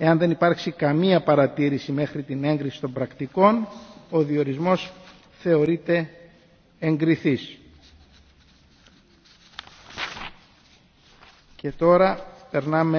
Εάν δεν υπάρξει καμία παρατήρηση μέχρι την έγκριση των πρακτικών, ο διορισμός θεωρείται εγκριθής. Και τώρα περνάμε